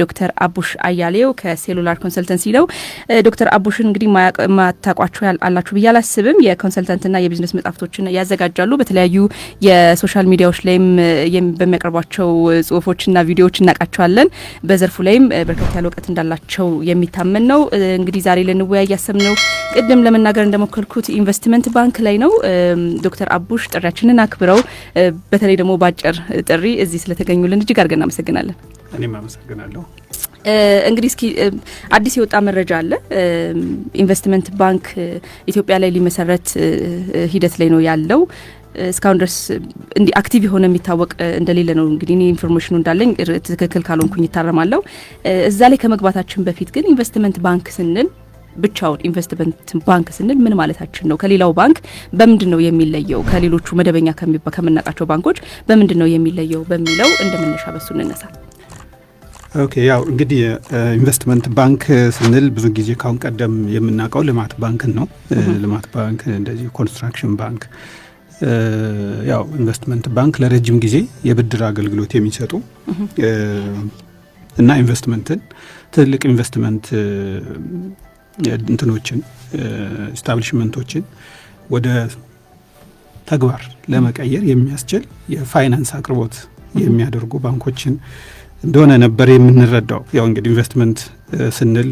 ዶክተር አቡሽ አያሌው ከሴሉላር ኮንሰልተንሲ ነው። ዶክተር አቡሽን እንግዲህ ማታቋቸው አላችሁ ብዬ አላስብም። የኮንሰልተንትና የቢዝነስ መጽሀፍቶችን ያዘጋጃሉ። በተለያዩ የሶሻል ሚዲያዎች ላይም በሚያቀርቧቸው ጽሁፎችና ቪዲዮዎች እናውቃቸዋለን። በዘርፉ ላይም በርከት ያለ እውቀት እንዳላቸው የሚታመን ነው። እንግዲህ ዛሬ ልንወያይ ያሰብነው ቅድም ለመናገር እንደሞከርኩት ኢንቨስትመንት ባንክ ላይ ነው። ዶክተር አቡሽ ጥሪያችንን አክብረው በተለይ ደግሞ በአጭር ጥሪ እዚህ ስለተገኙልን እጅግ አድርገን እናመሰግናለን። እኔም አመሰግናለሁ። እንግዲህ እስኪ አዲስ የወጣ መረጃ አለ። ኢንቨስትመንት ባንክ ኢትዮጵያ ላይ ሊመሰረት ሂደት ላይ ነው ያለው። እስካሁን ድረስ እንዲህ አክቲቭ የሆነ የሚታወቅ እንደሌለ ነው። እንግዲህ እኔ ኢንፎርሜሽኑ እንዳለኝ ትክክል ካልሆንኩኝ ይታረማለሁ። እዛ ላይ ከመግባታችን በፊት ግን ኢንቨስትመንት ባንክ ስንል ብቻውን ኢንቨስትመንት ባንክ ስንል ምን ማለታችን ነው? ከሌላው ባንክ በምንድን ነው የሚለየው? ከሌሎቹ መደበኛ ከምናውቃቸው ባንኮች በምንድን ነው የሚለየው? በሚለው እንደመነሻ በሱ እንነሳል። ኦኬ ያው እንግዲህ ኢንቨስትመንት ባንክ ስንል ብዙ ጊዜ ካሁን ቀደም የምናውቀው ልማት ባንክን ነው። ልማት ባንክ እንደዚህ ኮንስትራክሽን ባንክ፣ ያው ኢንቨስትመንት ባንክ ለረጅም ጊዜ የብድር አገልግሎት የሚሰጡ እና ኢንቨስትመንትን ትልቅ ኢንቨስትመንት እንትኖችን ኢስታብሊሽመንቶችን ወደ ተግባር ለመቀየር የሚያስችል የፋይናንስ አቅርቦት የሚያደርጉ ባንኮችን እንደሆነ ነበር የምንረዳው። ያው እንግዲህ ኢንቨስትመንት ስንል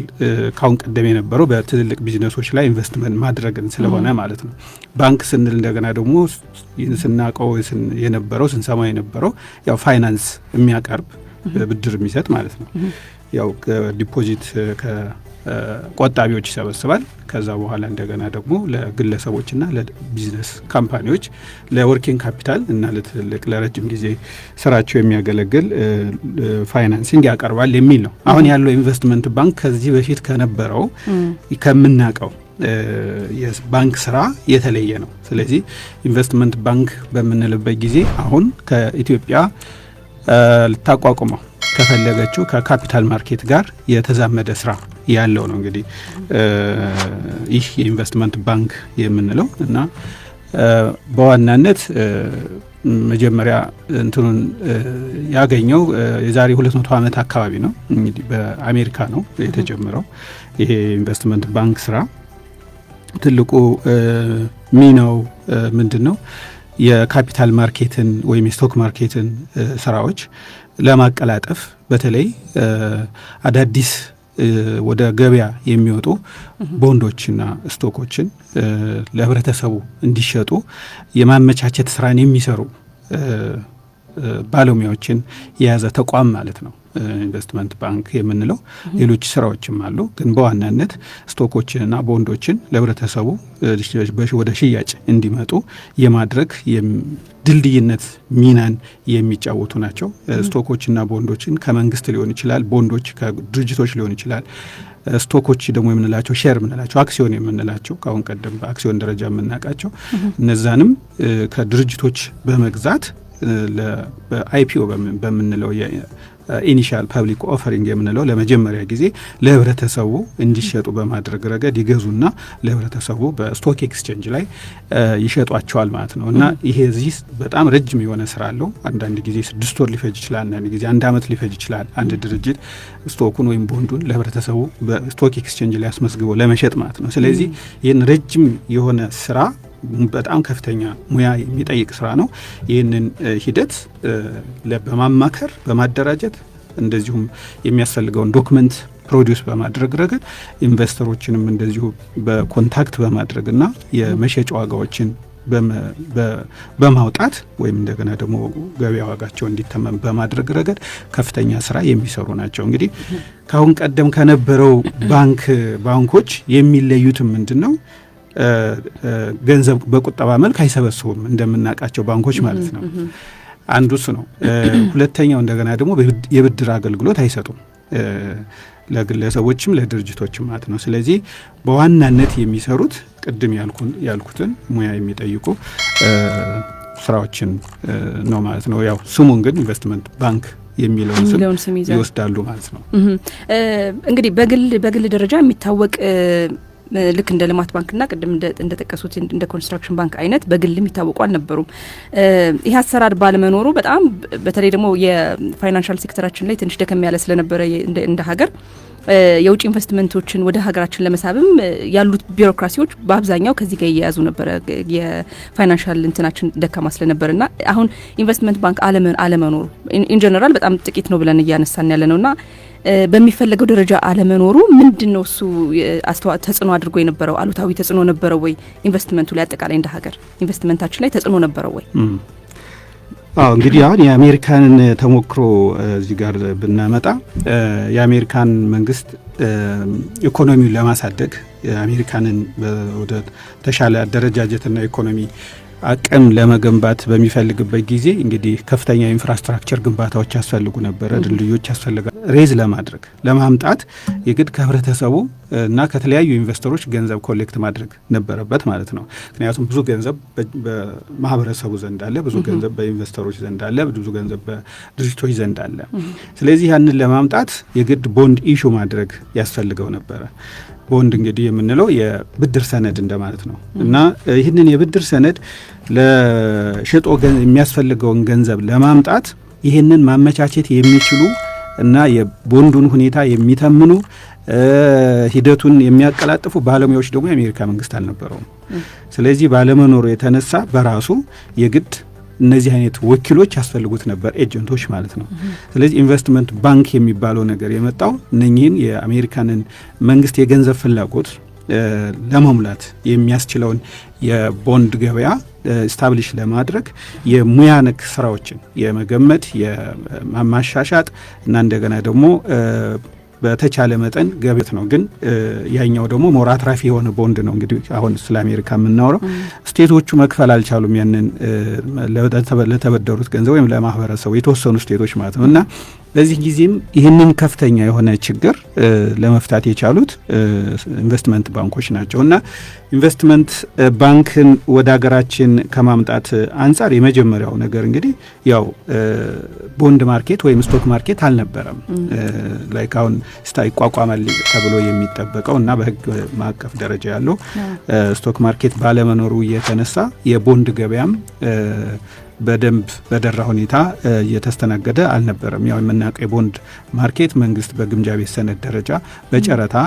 ካሁን ቀደም የነበረው በትልልቅ ቢዝነሶች ላይ ኢንቨስትመንት ማድረግን ስለሆነ ማለት ነው። ባንክ ስንል እንደገና ደግሞ ስናውቀው የነበረው ስንሰማ የነበረው ያው ፋይናንስ የሚያቀርብ ብድር የሚሰጥ ማለት ነው። ያው ዲፖዚት ቆጣቢዎች ይሰበስባል። ከዛ በኋላ እንደገና ደግሞ ለግለሰቦችና ለቢዝነስ ካምፓኒዎች ለወርኪንግ ካፒታል እና ለትልልቅ ለረጅም ጊዜ ስራቸው የሚያገለግል ፋይናንሲንግ ያቀርባል የሚል ነው። አሁን ያለው ኢንቨስትመንት ባንክ ከዚህ በፊት ከነበረው ከምናውቀው የባንክ ስራ የተለየ ነው። ስለዚህ ኢንቨስትመንት ባንክ በምንልበት ጊዜ አሁን ከኢትዮጵያ ልታቋቁመው ከፈለገችው ከካፒታል ማርኬት ጋር የተዛመደ ስራ ያለው ነው። እንግዲህ ይህ የኢንቨስትመንት ባንክ የምንለው እና በዋናነት መጀመሪያ እንትኑን ያገኘው የዛሬ 200 ዓመት አካባቢ ነው። እንግዲህ በአሜሪካ ነው የተጀመረው ይሄ የኢንቨስትመንት ባንክ ስራ። ትልቁ ሚናው ምንድን ነው? የካፒታል ማርኬትን ወይም የስቶክ ማርኬትን ስራዎች ለማቀላጠፍ በተለይ አዳዲስ ወደ ገበያ የሚወጡ ቦንዶችና ስቶኮችን ለህብረተሰቡ እንዲሸጡ የማመቻቸት ስራን የሚሰሩ ባለሙያዎችን የያዘ ተቋም ማለት ነው። ኢንቨስትመንት ባንክ የምንለው ሌሎች ስራዎችም አሉ። ግን በዋናነት ስቶኮችንና ቦንዶችን ለህብረተሰቡ ወደ ሽያጭ እንዲመጡ የማድረግ ድልድይነት ሚናን የሚጫወቱ ናቸው። ስቶኮችና ቦንዶችን ከመንግስት ሊሆን ይችላል፣ ቦንዶች ከድርጅቶች ሊሆን ይችላል። ስቶኮች ደግሞ የምንላቸው ሼር የምንላቸው አክሲዮን የምንላቸው ከአሁን ቀደም በአክሲዮን ደረጃ የምናውቃቸው እነዛንም ከድርጅቶች በመግዛት በአይፒኦ በምንለው ኢኒሻል ፐብሊክ ኦፈሪንግ የምንለው ለመጀመሪያ ጊዜ ለህብረተሰቡ እንዲሸጡ በማድረግ ረገድ ይገዙና ለህብረተሰቡ በስቶክ ኤክስቼንጅ ላይ ይሸጧቸዋል ማለት ነው እና ይሄ እዚህ በጣም ረጅም የሆነ ስራ አለው። አንዳንድ ጊዜ ስድስት ወር ሊፈጅ ይችላል። አንዳንድ ጊዜ አንድ ዓመት ሊፈጅ ይችላል። አንድ ድርጅት ስቶኩን ወይም ቦንዱን ለህብረተሰቡ በስቶክ ኤክስቼንጅ ላይ አስመዝግቦ ለመሸጥ ማለት ነው። ስለዚህ ይህን ረጅም የሆነ ስራ በጣም ከፍተኛ ሙያ የሚጠይቅ ስራ ነው። ይህንን ሂደት በማማከር በማደራጀት እንደዚሁም የሚያስፈልገውን ዶክመንት ፕሮዲውስ በማድረግ ረገድ ኢንቨስተሮችንም እንደዚሁ በኮንታክት በማድረግ እና የመሸጫ ዋጋዎችን በማውጣት ወይም እንደገና ደግሞ ገበያ ዋጋቸው እንዲተመም በማድረግ ረገድ ከፍተኛ ስራ የሚሰሩ ናቸው። እንግዲህ ከአሁን ቀደም ከነበረው ባንክ ባንኮች የሚለዩትም ምንድን ነው? ገንዘብ በቁጠባ መልክ አይሰበስቡም እንደምናውቃቸው ባንኮች ማለት ነው። አንዱ እሱ ነው። ሁለተኛው እንደገና ደግሞ የብድር አገልግሎት አይሰጡም ለግለሰቦችም ለድርጅቶችም ማለት ነው። ስለዚህ በዋናነት የሚሰሩት ቅድም ያልኩትን ሙያ የሚጠይቁ ስራዎችን ነው ማለት ነው። ያው ስሙን ግን ኢንቨስትመንት ባንክ የሚለውን ስም ይወስዳሉ ማለት ነው። እንግዲህ በግል በግል ደረጃ የሚታወቅ ልክ እንደ ልማት ባንክና ቅድም እንደጠቀሱት እንደ ኮንስትራክሽን ባንክ አይነት በግልም ይታወቁ አልነበሩም። ይህ አሰራር ባለመኖሩ በጣም በተለይ ደግሞ የፋይናንሻል ሴክተራችን ላይ ትንሽ ደከም ያለ ስለነበረ እንደ ሀገር የውጭ ኢንቨስትመንቶችን ወደ ሀገራችን ለመሳብም ያሉት ቢሮክራሲዎች በአብዛኛው ከዚህ ጋር እየያዙ ነበረ። የፋይናንሻል እንትናችን ደካማ ስለነበር ና አሁን ኢንቨስትመንት ባንክ አለመኖሩ ኢንጀነራል በጣም ጥቂት ነው ብለን እያነሳን ያለ ነው ና በሚፈለገው ደረጃ አለመኖሩ ምንድን ነው እሱ ተጽዕኖ አድርጎ የነበረው አሉታዊ ተጽዕኖ ነበረው ወይ? ኢንቨስትመንቱ ላይ አጠቃላይ እንደ ሀገር ኢንቨስትመንታችን ላይ ተጽዕኖ ነበረው ወይ? አዎ እንግዲህ አሁን የአሜሪካንን ተሞክሮ እዚህ ጋር ብናመጣ የአሜሪካን መንግስት ኢኮኖሚውን ለማሳደግ የአሜሪካንን ወደ ተሻለ አደረጃጀትና ኢኮኖሚ አቅም ለመገንባት በሚፈልግበት ጊዜ እንግዲህ ከፍተኛ ኢንፍራስትራክቸር ግንባታዎች ያስፈልጉ ነበረ። ድልድዮች ያስፈልጋል። ሬዝ ለማድረግ ለማምጣት የግድ ከህብረተሰቡ እና ከተለያዩ ኢንቨስተሮች ገንዘብ ኮሌክት ማድረግ ነበረበት ማለት ነው። ምክንያቱም ብዙ ገንዘብ በማህበረሰቡ ዘንድ አለ፣ ብዙ ገንዘብ በኢንቨስተሮች ዘንድ አለ፣ ብዙ ገንዘብ በድርጅቶች ዘንድ አለ። ስለዚህ ያንን ለማምጣት የግድ ቦንድ ኢሹ ማድረግ ያስፈልገው ነበረ። ቦንድ እንግዲህ የምንለው የብድር ሰነድ እንደማለት ነው እና ይህንን የብድር ሰነድ ለሽጦ የሚያስፈልገውን ገንዘብ ለማምጣት ይህንን ማመቻቸት የሚችሉ እና የቦንዱን ሁኔታ የሚተምኑ ሂደቱን የሚያቀላጥፉ ባለሙያዎች ደግሞ የአሜሪካ መንግስት አልነበረውም። ስለዚህ ባለመኖሩ የተነሳ በራሱ የግድ እነዚህ አይነት ወኪሎች ያስፈልጉት ነበር፣ ኤጀንቶች ማለት ነው። ስለዚህ ኢንቨስትመንት ባንክ የሚባለው ነገር የመጣው እነኚህን የአሜሪካንን መንግስት የገንዘብ ፍላጎት ለመሙላት የሚያስችለውን የቦንድ ገበያ ስታብሊሽ ለማድረግ የሙያ ነክ ስራዎችን የመገመት የማሻሻጥ እና እንደገና ደግሞ በተቻለ መጠን ገበት ነው። ግን ያኛው ደግሞ ሞር አትራፊ የሆነ ቦንድ ነው። እንግዲህ አሁን ስለ አሜሪካ የምናወራው ስቴቶቹ መክፈል አልቻሉም ያንን ለተበደሩት ገንዘብ ወይም ለማህበረሰቡ የተወሰኑ ስቴቶች ማለት ነው እና በዚህ ጊዜም ይህንን ከፍተኛ የሆነ ችግር ለመፍታት የቻሉት ኢንቨስትመንት ባንኮች ናቸው እና ኢንቨስትመንት ባንክን ወደ ሀገራችን ከማምጣት አንጻር የመጀመሪያው ነገር እንግዲህ ያው ቦንድ ማርኬት ወይም ስቶክ ማርኬት አልነበረም። ላይክ አሁን ስታ ይቋቋማል ተብሎ የሚጠበቀው እና በህግ ማዕቀፍ ደረጃ ያለው ስቶክ ማርኬት ባለመኖሩ የተነሳ የቦንድ ገበያም በደንብ በደራ ሁኔታ እየተስተናገደ አልነበረም። ያው የምናውቀው የቦንድ ማርኬት መንግስት በግምጃ ቤት ሰነድ ደረጃ በጨረታ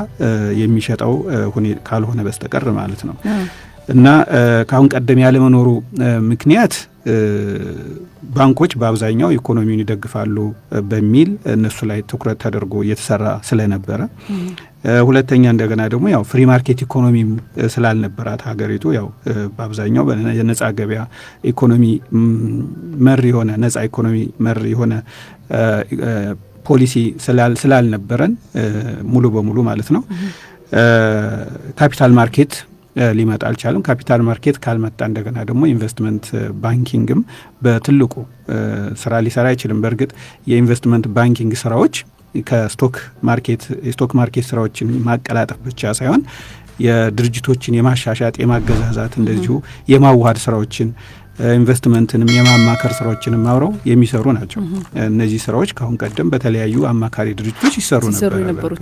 የሚሸጠው ካልሆነ በስተቀር ማለት ነው። እና ከአሁን ቀደም ያለመኖሩ ምክንያት ባንኮች በአብዛኛው ኢኮኖሚውን ይደግፋሉ በሚል እነሱ ላይ ትኩረት ተደርጎ እየተሰራ ስለነበረ፣ ሁለተኛ እንደገና ደግሞ ያው ፍሪ ማርኬት ኢኮኖሚም ስላልነበራት ሀገሪቱ ያው በአብዛኛው የነጻ ገበያ ኢኮኖሚ መር የሆነ ነጻ ኢኮኖሚ መር የሆነ ፖሊሲ ስላልነበረን ሙሉ በሙሉ ማለት ነው ካፒታል ማርኬት ሊመጣ አልቻለም። ካፒታል ማርኬት ካልመጣ እንደገና ደግሞ ኢንቨስትመንት ባንኪንግም በትልቁ ስራ ሊሰራ አይችልም። በእርግጥ የኢንቨስትመንት ባንኪንግ ስራዎች ከስቶክ ማርኬት የስቶክ ማርኬት ስራዎችን ማቀላጠፍ ብቻ ሳይሆን የድርጅቶችን የማሻሻጥ የማገዛዛት፣ እንደዚሁ የማዋሃድ ስራዎችን ኢንቨስትመንትንም የማማከር ስራዎችንም አብረው የሚሰሩ ናቸው። እነዚህ ስራዎች ከአሁን ቀደም በተለያዩ አማካሪ ድርጅቶች ይሰሩ ነበር።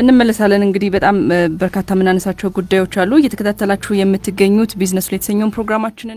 እንመለሳለን። እንግዲህ በጣም በርካታ የምናነሳቸው ጉዳዮች አሉ። እየተከታተላችሁ የምትገኙት ቢዝነሱ ላይ የተሰኘውን ፕሮግራማችንን